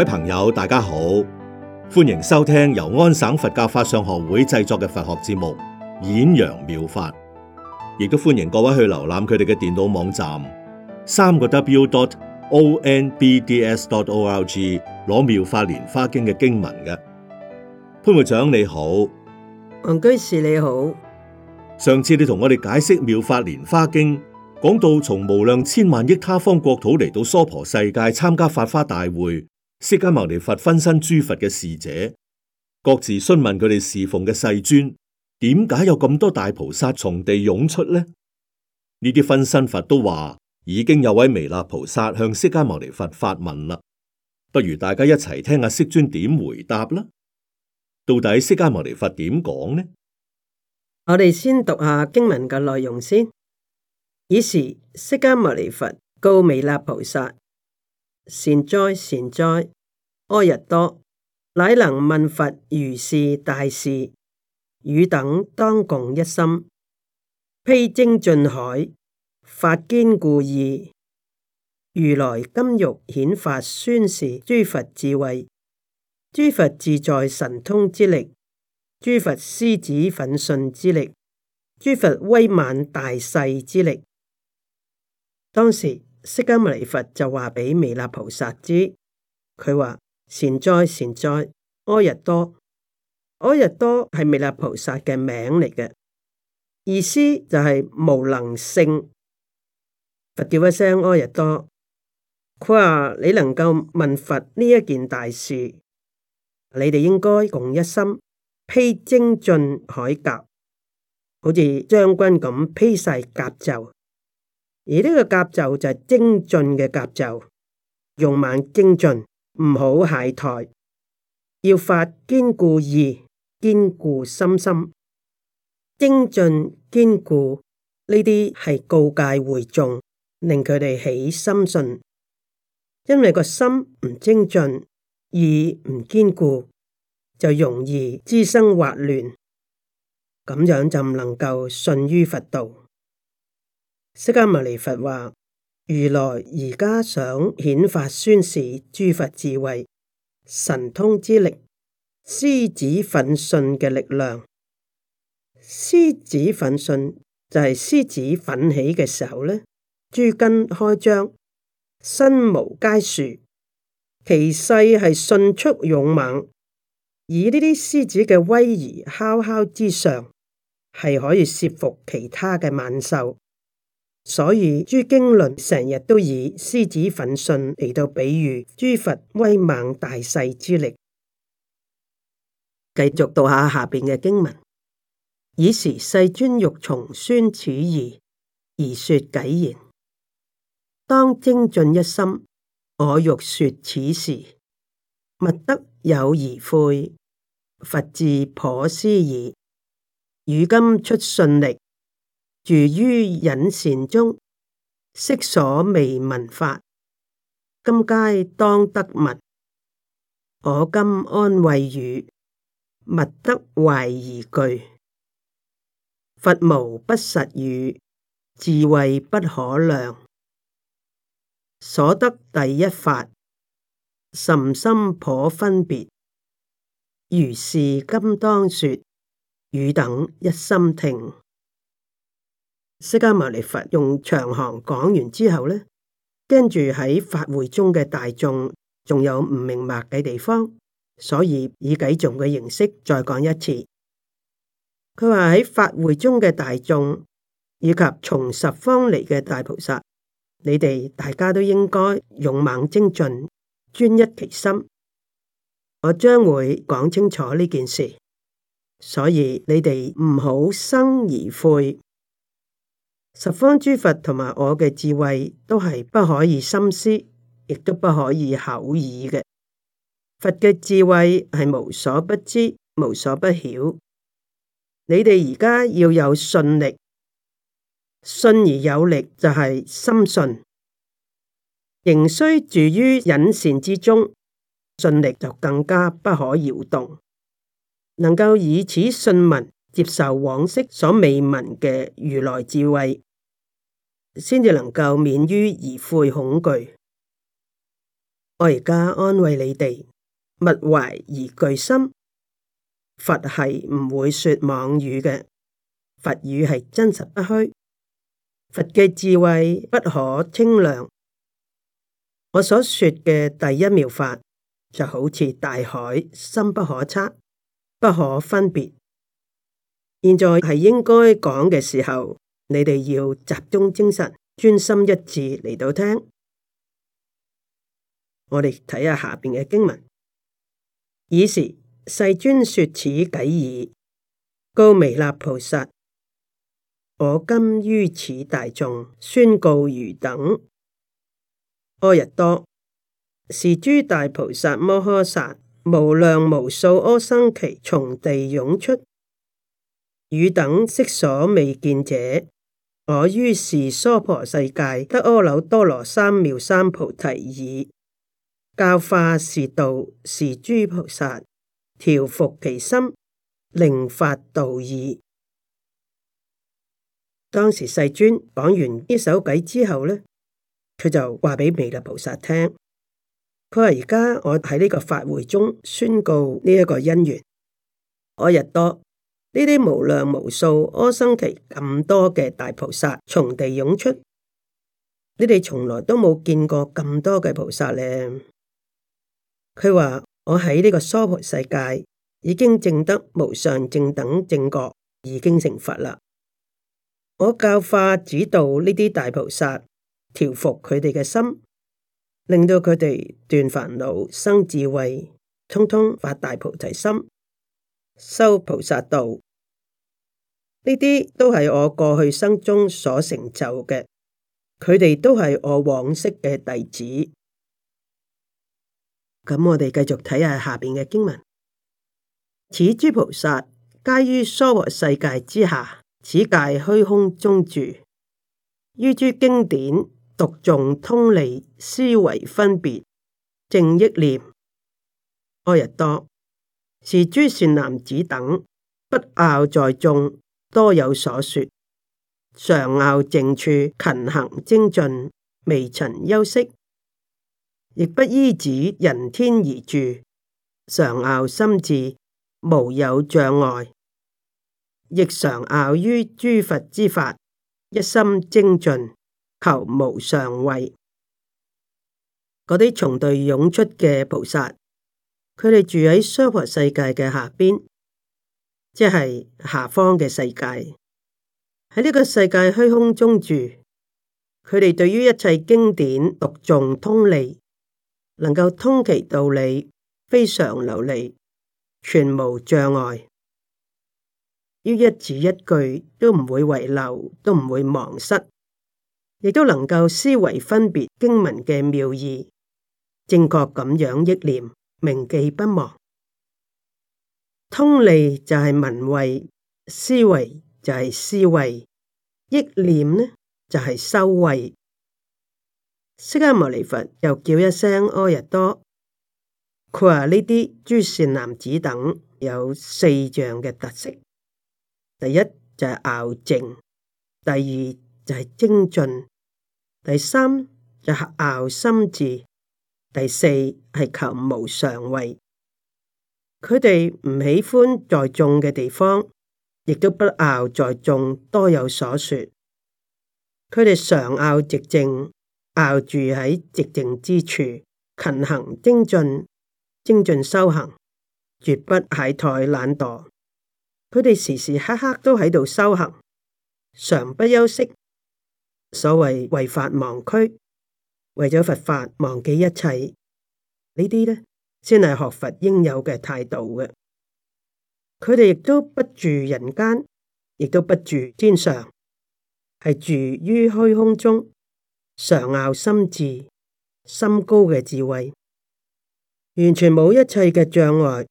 各位朋友，大家好，歡迎收聽由安省佛教法相學會製作嘅佛學節目《演揚妙,妙法》，亦都歡迎各位去瀏覽佢哋嘅電腦網站三個 w dot o n b d s dot o l g 攞《妙法蓮華經》嘅經文嘅潘會長你好，王居士你好。上次你同我哋解釋《妙法蓮華經》，講到從無量千萬億他方國土嚟到娑婆世界參加法華大會。釋迦牟尼佛分身諸佛嘅侍者，各自詢問佢哋侍奉嘅世尊，點解有咁多大菩薩從地涌出呢？呢啲分身佛都話，已經有位彌勒菩薩向釋迦牟尼佛發問啦。不如大家一齊聽下釋尊點回答啦。到底釋迦牟尼佛點講呢？我哋先讀下經文嘅內容先。爾時釋迦牟尼佛告彌勒菩薩。善哉善哉，阿逸多，乃能問佛如是大事，汝等當共一心被精進鎧，發堅固意。如來今欲顯發宣示諸佛智慧，諸佛自在神通之力，諸佛獅子奮迅之力，諸佛威猛大勢之力。當時。釋迦牟尼佛就話俾彌勒菩薩知，佢話善哉善哉，阿逸多，阿逸多係彌勒菩薩嘅名嚟嘅，意思就係無能勝。佛叫一聲阿逸多，佢話你能夠問佛呢一件大事，你哋應該共一心披精進鎧甲，好似將軍咁披晒甲冑。」而呢個甲咒就係精進嘅甲咒，用慢精進，唔好懈怠，要發堅固意、堅固心心，精進堅固呢啲係告誡會眾，令佢哋起心信。因為個心唔精進，意唔堅固，就容易滋生滑亂，咁樣就唔能夠信於佛道。釋迦牟尼佛話：如來而家想顯發宣示諸佛智慧、神通之力、獅子奮迅嘅力量。獅子奮迅就係獅子奮起嘅時候咧，諸根開張，身毛皆豎，其勢係迅速勇猛。以呢啲獅子嘅威儀，敲敲之上係可以攝服其他嘅猛獸。所以諸經論成日都以獅子奮迅嚟到比喻諸佛威猛大勢之力。繼續讀下下邊嘅經文。爾時世尊欲重宣此義，而說偈言：當精進一心，我欲說此事，勿得有疑悔。佛智叵思議。」「如今出信力。住於隱禪中，悉所未聞法。今皆當得聞，我今安慰汝：勿得懷疑懼。佛無不實語，智慧不可量。所得第一法，甚深頗分別。如是今當說，汝等一心聽。釋迦牟尼佛用長行講完之後呢，跟住喺法會中嘅大眾仲有唔明白嘅地方，所以以偈頌嘅形式再講一次。佢話，喺法會中嘅大眾以及從十方嚟嘅大菩薩，你哋大家都應該勇猛精進，專一其心。我將會講清楚呢件事，所以你哋唔好生而悔。十方諸佛同埋我嘅智慧都係不可以深思，亦都不可以口耳嘅。佛嘅智慧係無所不知、無所不曉。你哋而家要有信力，信而有力就係心信，仍需住於隱善之中，信力就更加不可搖動。能夠以此信聞，接受往昔所未聞嘅如來智慧。先至能夠免於疑悔恐懼。我而家安慰你哋，勿懷疑懼心。佛係唔會說妄語嘅，佛語係真實不虛。佛嘅智慧不可稱量。我所說嘅第一妙法，就好似大海深不可測，不可分別。現在係應該講嘅時候。你哋要集中精神，專心一致嚟到聽。我哋睇下下邊嘅經文。爾時世尊說此偈已，告彌勒菩薩，我今於此大眾宣告汝等阿逸多，是諸大菩薩摩訶薩，無量無數阿僧祇從地涌出，汝等昔所未見者。我於是娑婆世界得阿耨多羅三藐三菩提意，教化是道是諸菩薩調伏其心，令發道意。當時世尊講完呢首偈之後咧，佢就話俾彌勒菩薩聽，佢話而家我喺呢個法會中宣告呢一個因緣，我日多。呢啲無量無數、阿僧祇咁多嘅大菩薩從地涌出，你哋從來都冇見過咁多嘅菩薩咧。佢話我喺呢個娑婆世界已經證得無上正等正覺，已經成佛啦。我教化指導呢啲大菩薩調服佢哋嘅心，令到佢哋斷煩惱、生智慧，通通發大菩提心。修菩薩道，呢啲都係我過去生中所成就嘅，佢哋都係我往昔嘅弟子。咁我哋繼續睇下下面嘅經文。此諸菩薩皆於娑婆世界之下，此界虛空中住，於諸經典讀誦通利，思維分別，正憶念，阿逸多。是諸善男子等不樂在眾，多有所說，常樂靜處，勤行精進，未曾休息，亦不依止人天而住，常樂心智無有障礙，亦常樂於諸佛之法，一心精進求無上慧。嗰啲從地涌出嘅菩薩。佢哋住喺娑婆世界嘅下邊，即係下方嘅世界，喺呢個世界虛空中住。佢哋對於一切經典讀誦通利，能夠通其道理，非常流利，全無障礙。要一字一句都唔會遺漏，都唔會忘失，亦都能夠思維分別經文嘅妙義，正確咁樣憶念。銘記不忘，通利就係聞慧，思維就係思慧，憶念呢就係、是、修慧。釋迦牟尼佛又叫一聲阿逸、哦、多，佢話呢啲諸善男子等有四樣嘅特色：第一就係樂靜，第二就係精進，第三就係樂深智。第四係求無上位，佢哋唔喜歡在眾嘅地方，亦都不樂在眾多有所說。佢哋常樂寂靜，樂住喺寂靜之處，勤行精進，精進修行，絕不懈怠懶惰。佢哋時時刻刻都喺度修行，常不休息。所謂為法忘軀。為咗佛法，忘記一切，這些呢啲咧，先係學佛應有嘅態度嘅。佢哋亦都不住人間，亦都不住天上，係住於虛空中，常拗心智、心高嘅智慧，完全冇一切嘅障礙，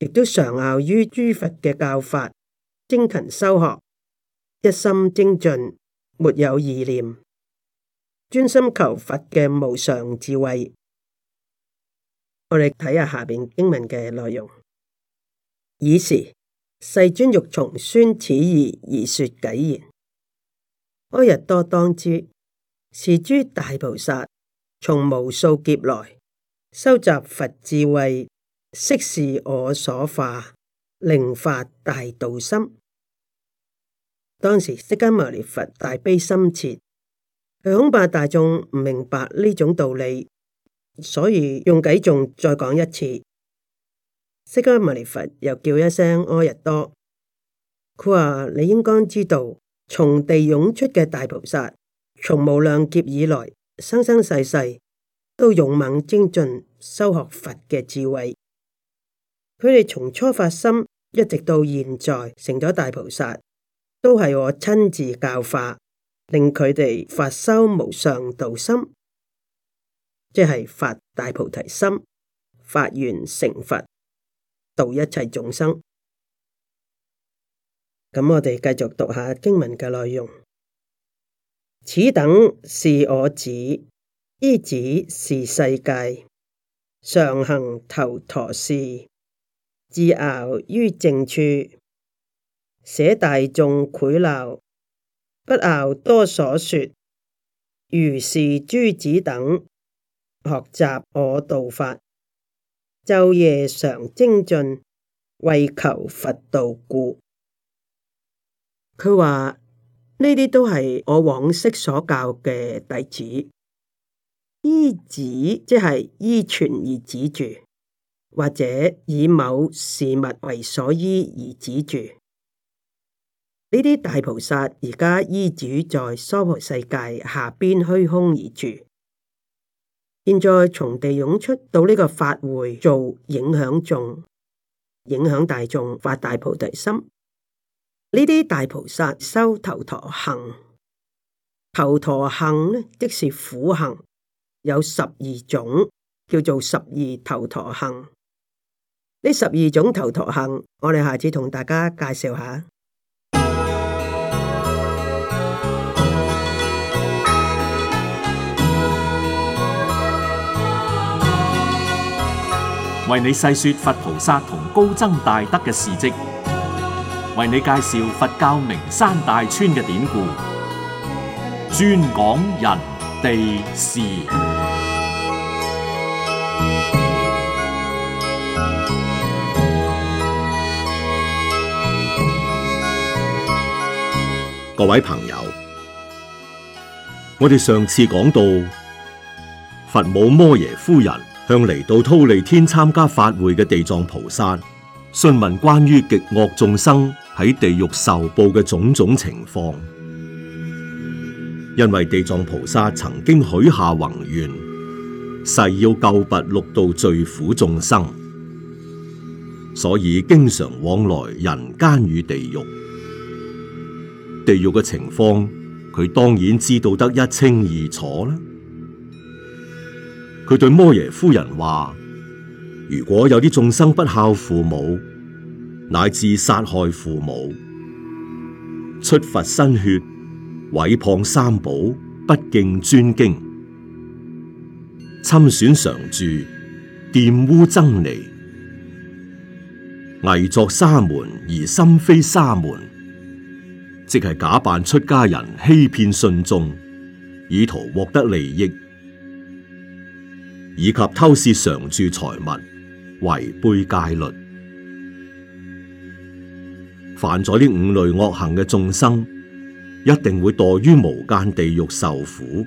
亦都常拗於諸佛嘅教法，精勤修學，一心精進，沒有二念。專心求佛嘅無常智慧，我哋睇下下邊經文嘅內容。爾時，世尊欲重宣此義而說偈言：阿逸多當知，是諸大菩薩從無數劫來收集佛智慧，悉是我所化，令發大道心。當時，釋迦牟尼佛大悲心切。佢恐怕大眾唔明白呢種道理，所以用偈頌再講一次。釋迦牟尼佛又叫一聲阿逸多，佢話：你應該知道，從地涌出嘅大菩薩，從無量劫以來，生生世世都勇猛精進修學佛嘅智慧。佢哋從初發心，一直到現在成咗大菩薩，都係我親自教化。令佢哋發修無上道心，即係發大菩提心，發願成佛，度一切眾生。咁我哋繼續讀下經文嘅內容。此等是我子，依止是世界，常行頭陀事，自傲於靜處，捨大眾憒鬧。不樂多所說，如是諸子等，學習我道法，晝夜常精進，為求佛道故。佢話呢啲都係我往昔所教嘅弟子，依止即係依存而止住，或者以某事物為所依而止住。呢啲大菩薩而家依住在娑婆世界下邊虛空而住，現在從地涌出到呢個法會做影響眾、影響大眾發大菩提心。呢啲大菩薩修頭陀行，頭陀行呢即是苦行，有十二種叫做十二頭陀行。呢十二種頭陀行，我哋下次同大家介紹下。為你細說佛菩薩同高僧大德嘅事跡，為你介紹佛教名山大川嘅典故，專講人地事。各位朋友，我哋上次講到佛母摩耶夫人。向嚟到忉利天參加法會嘅地藏菩薩，詢問關於極惡眾生喺地獄受報嘅種種情況。因為地藏菩薩曾經許下宏願，誓要救拔六道罪苦眾生，所以經常往來人間與地獄。地獄嘅情況，佢當然知道得一清二楚啦。佢對摩耶夫人話：如果有啲眾生不孝父母，乃至殺害父母，出佛身血，毀謗三寶，不敬尊經，侵損常住，玷污僧尼，偽作沙門而心非沙門，即係假扮出家人欺騙信眾，以圖獲得利益。以及偷竊常住財物，違背戒律，犯咗呢五類惡行嘅眾生，一定會墮於無間地獄受苦，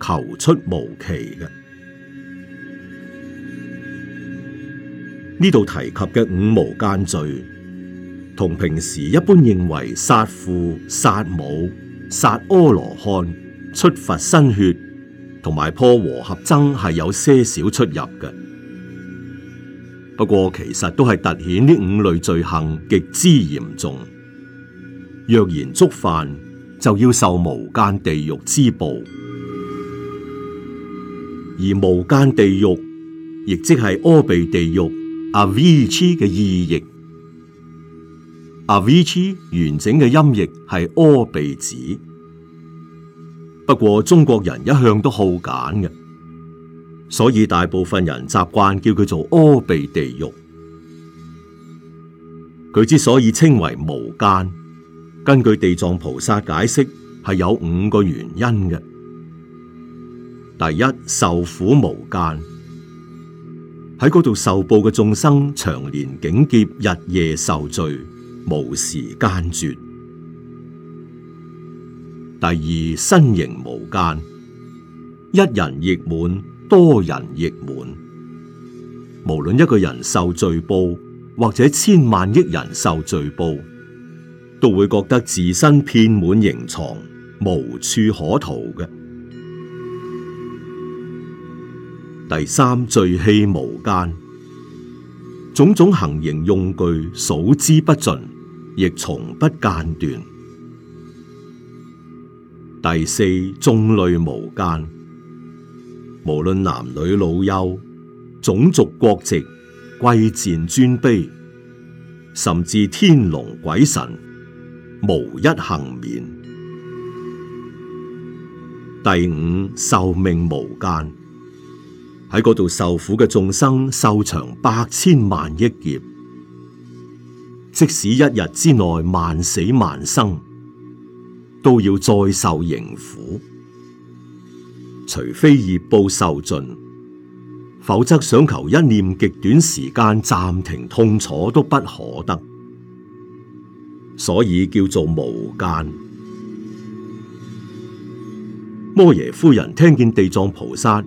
求出無期嘅。呢度提及嘅五無間罪，同平時一般認為殺父、殺母、殺阿羅漢、出佛身血。同埋破和合僧係有些少出入嘅，不過其實都係凸顯呢五類罪行極之嚴重。若然觸犯，就要受無間地獄之報。而無間地獄亦即係阿鼻地獄，阿維痴嘅意譯。阿維痴完整嘅音譯係阿鼻子。不過中國人一向都好揀嘅，所以大部分人習慣叫佢做阿鼻地獄。佢之所以稱為無間，根據地藏菩薩解釋，係有五個原因嘅。第一，受苦無間，喺嗰度受報嘅眾生，長年警戒，日夜受罪，無時間絕。第二，身形無間，一人亦滿，多人亦滿。無論一個人受罪報，或者千萬億人受罪報，都會覺得自身遍滿刑場，無處可逃嘅。第三，罪器無間，種種行刑用具數之不盡，亦從不間斷。第四，眾類無間，無論男女老幼、種族國籍、貴賤尊卑，甚至天龍鬼神，無一幸免。第五，壽命無間，喺嗰度受苦嘅眾生，壽長八千萬億劫，即使一日之內萬死萬生，都要再受刑苦，除非業報受盡，否則想求一念極短時間暫停痛楚都不可得，所以叫做無間。摩耶夫人聽見地藏菩薩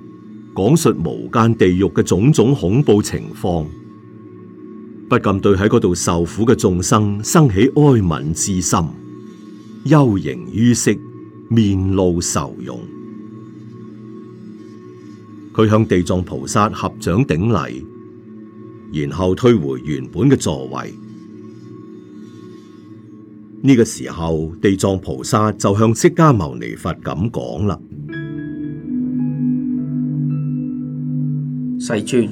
講述無間地獄嘅種種恐怖情況，不禁對喺嗰度受苦嘅眾生生起哀憫之心。幽形於色，面露愁容。佢向地藏菩薩合掌頂禮，然後退回原本嘅座位。呢個時候，地藏菩薩就向釋迦牟尼佛咁講啦：世尊，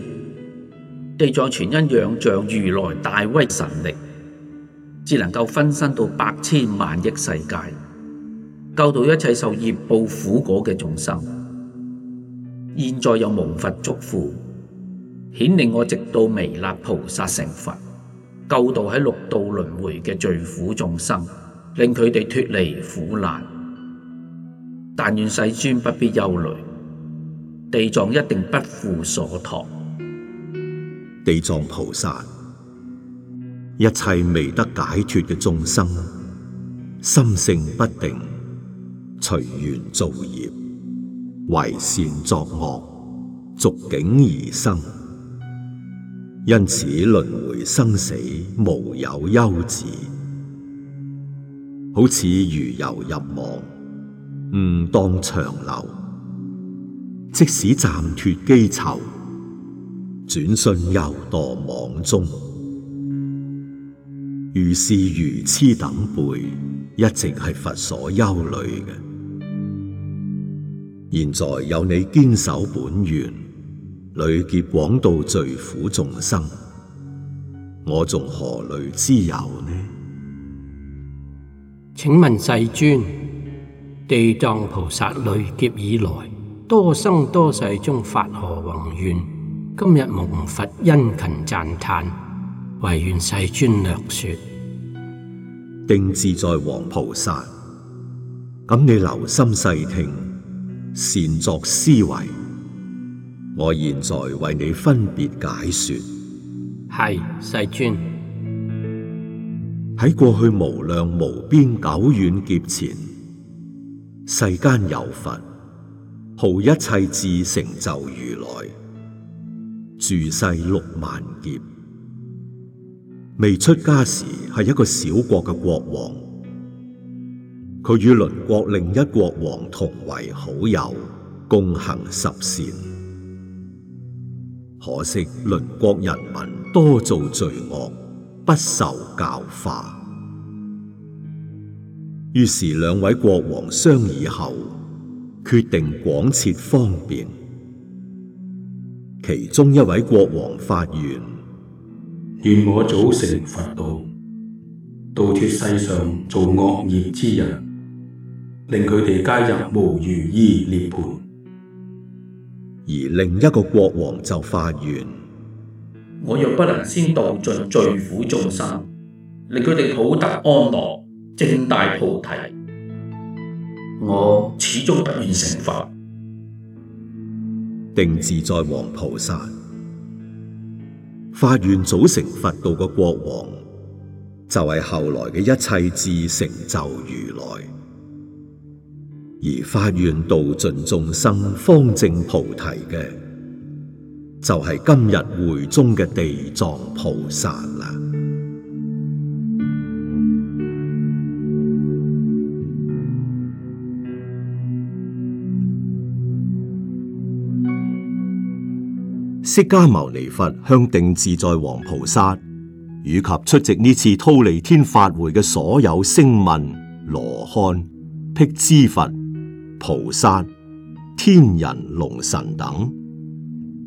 地藏傳因仰仗如來大威神力。只能夠分身到百千萬億世界，救渡一切受業報苦果嘅眾生。現在有蒙佛祝福，顯令我直到彌勒菩薩成佛，救渡喺六道輪迴嘅罪苦眾生，令佢哋脱離苦難。但願世尊不必憂慮，地藏一定不負所託。地藏菩薩。一切未得解脫嘅眾生，心性不定，隨緣造業，為善作惡，逐境而生。因此輪迴生死無有休止，好似魚游入網，誤當長流。即使暫脫羈囚，轉瞬又墮網中。如是如痴等輩，一直係佛所憂慮嘅。現在有你堅守本願，累劫廣度罪苦眾生，我仲何慮之有呢？請問世尊，地藏菩薩累劫以來，多生多世中發何宏願？今日蒙佛殷勤讚嘆。唯願世尊略說。定自在王菩薩，咁你留心細聽，善作思維。我現在為你分別解說。係世尊喺過去無量無邊久遠劫前，世間有佛，號一切智成就如來，住世六萬劫。未出家時係一個小國嘅國王，佢與鄰國另一國王同為好友，共行十善。可惜鄰國人民多做罪惡，不受教化。於是兩位國王商議後，決定廣設方便。其中一位國王發言。願我早成佛道，度脫世上做惡業之人，令佢哋皆入無餘依涅盤。而另一個國王就發願：我若不能先道盡罪苦眾生，令佢哋普得安樂、證大菩提，我始終不願成佛。定自在王菩薩。發願早成佛道嘅國王，就係、是、後來嘅一切智成就如來；而發願度盡眾生、方證菩提嘅，就係、是、今日會中嘅地藏菩薩啦。釋迦牟尼佛向定自在王菩薩以及出席呢次忉利天法會嘅所有聲聞、羅漢、辟支佛、菩薩、天人、龍神等，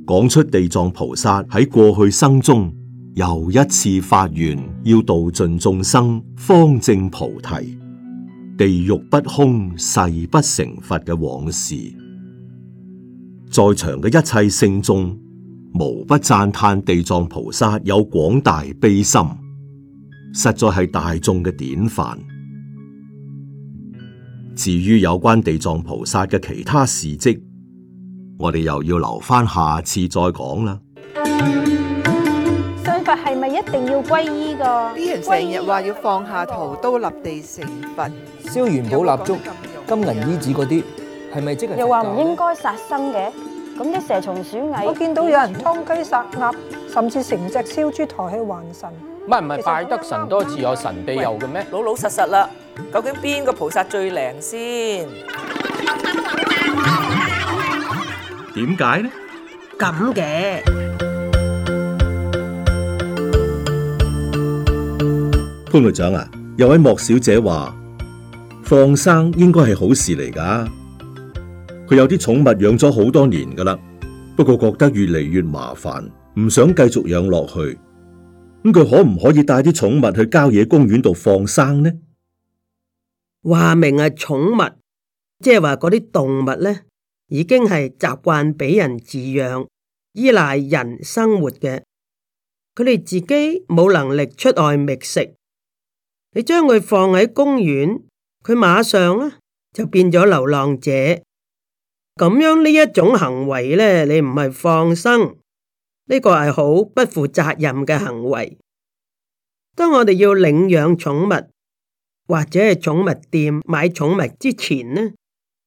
講出地藏菩薩喺過去生中又一次發願要度盡眾生、方證菩提、地獄不空、誓不成佛嘅往事。在場嘅一切聖眾，無不讚歎地藏菩薩有廣大悲心，實在係大眾嘅典範。至於有關地藏菩薩嘅其他事迹，我哋又要留翻下，下次再講啦。信佛係咪一定要皈依噶？啲人成日話要放下屠刀立地成佛，燒元寶蠟燭、金銀衣紙嗰啲，係咪即係又話唔應該殺生嘅？咁啲蛇蟲鼠蟻，我見到有人劏雞殺鴨，嗯、甚至成隻燒豬抬起還神。唔係唔係，拜得神多自有神庇佑嘅咩？老老實實啦，究竟邊個菩薩最靈先？點解呢？咁嘅潘隊長啊，有位莫小姐話放生應該係好事嚟噶。佢有啲寵物養咗好多年噶啦，不過覺得越嚟越麻煩，唔想繼續養落去。咁佢可唔可以帶啲寵物去郊野公園度放生呢？話明係寵物，即係話嗰啲動物咧，已經係習慣俾人飼養，依賴人生活嘅。佢哋自己冇能力出外覓食，你將佢放喺公園，佢馬上啊就變咗流浪者。咁樣呢一種行為呢，你唔係放生，呢個係好不負責任嘅行為。當我哋要領養寵物或者係寵物店買寵物之前呢，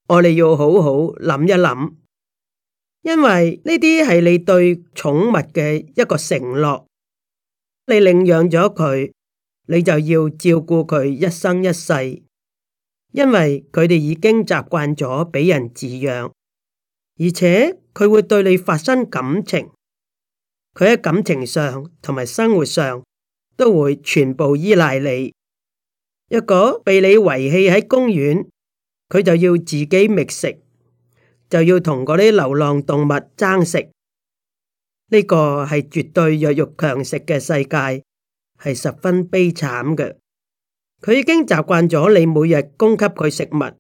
我哋要好好諗一諗，因為呢啲係你對寵物嘅一個承諾。你領養咗佢，你就要照顧佢一生一世，因為佢哋已經習慣咗俾人飼養。而且佢會對你發生感情，佢喺感情上同埋生活上都會全部依賴你。若果被你遺棄喺公園，佢就要自己覓食，就要同嗰啲流浪動物爭食。呢個係絕對弱肉強食嘅世界，係十分悲慘嘅。佢已經習慣咗你每日供給佢食物，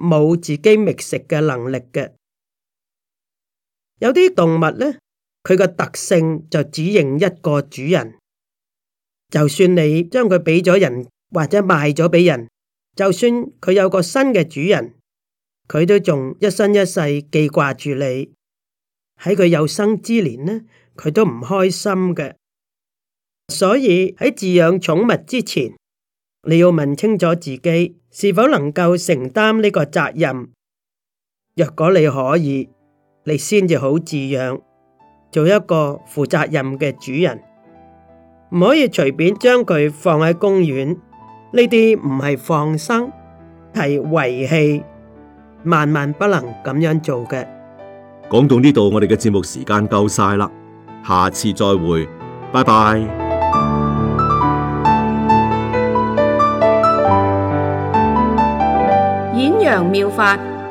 冇自己覓食嘅能力嘅。有啲動物咧，佢個特性就只認一個主人，就算你將佢俾咗人或者賣咗俾人，就算佢有個新嘅主人，佢都仲一生一世記掛住你。喺佢有生之年呢，佢都唔開心嘅。所以喺飼養寵物之前，你要問清楚自己是否能夠承擔呢個責任。若果你可以。你先至好自養，做一個負責任嘅主人，唔可以隨便將佢放喺公園。呢啲唔係放生，係遺棄，萬萬不能咁樣做嘅。講到呢度，我哋嘅節目時間夠晒啦，下次再會，拜拜。演揚妙法。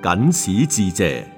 僅此致謝。